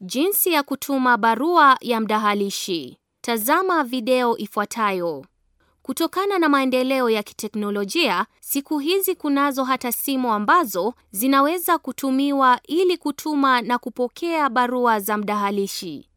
Jinsi ya kutuma barua ya mdahalishi. Tazama video ifuatayo. Kutokana na maendeleo ya kiteknolojia, siku hizi kunazo hata simu ambazo zinaweza kutumiwa ili kutuma na kupokea barua za mdahalishi.